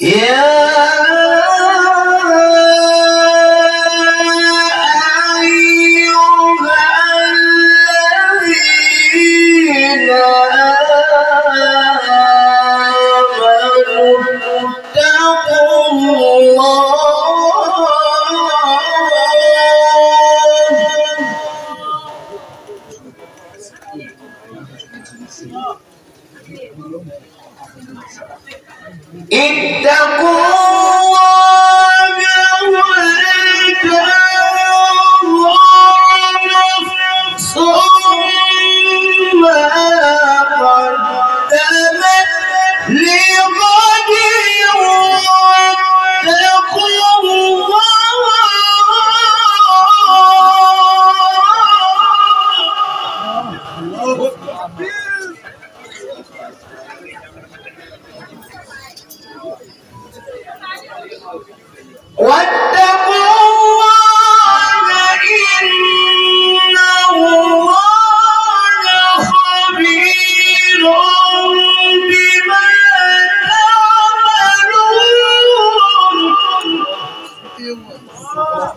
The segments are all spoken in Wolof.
Yeah. اتقوا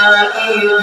الفائزون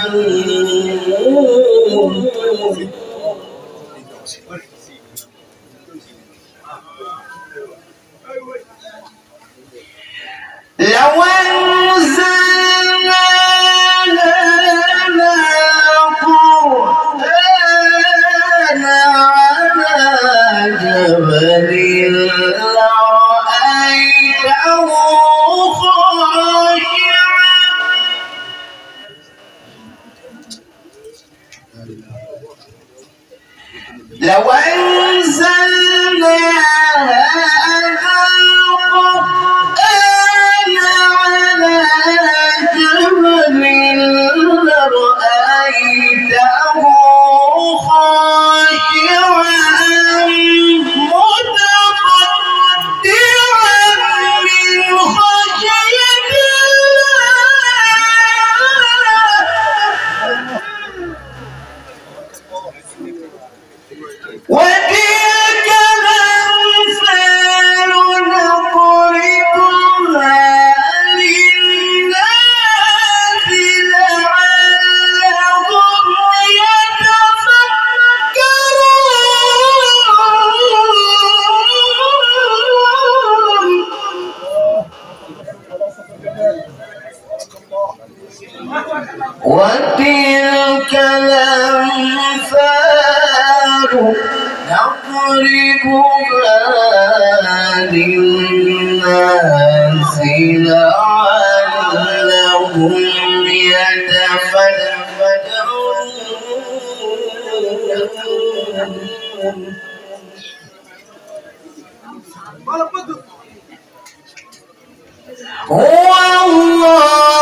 What? مغرقها للناس لعلهم يتفكرون هو الله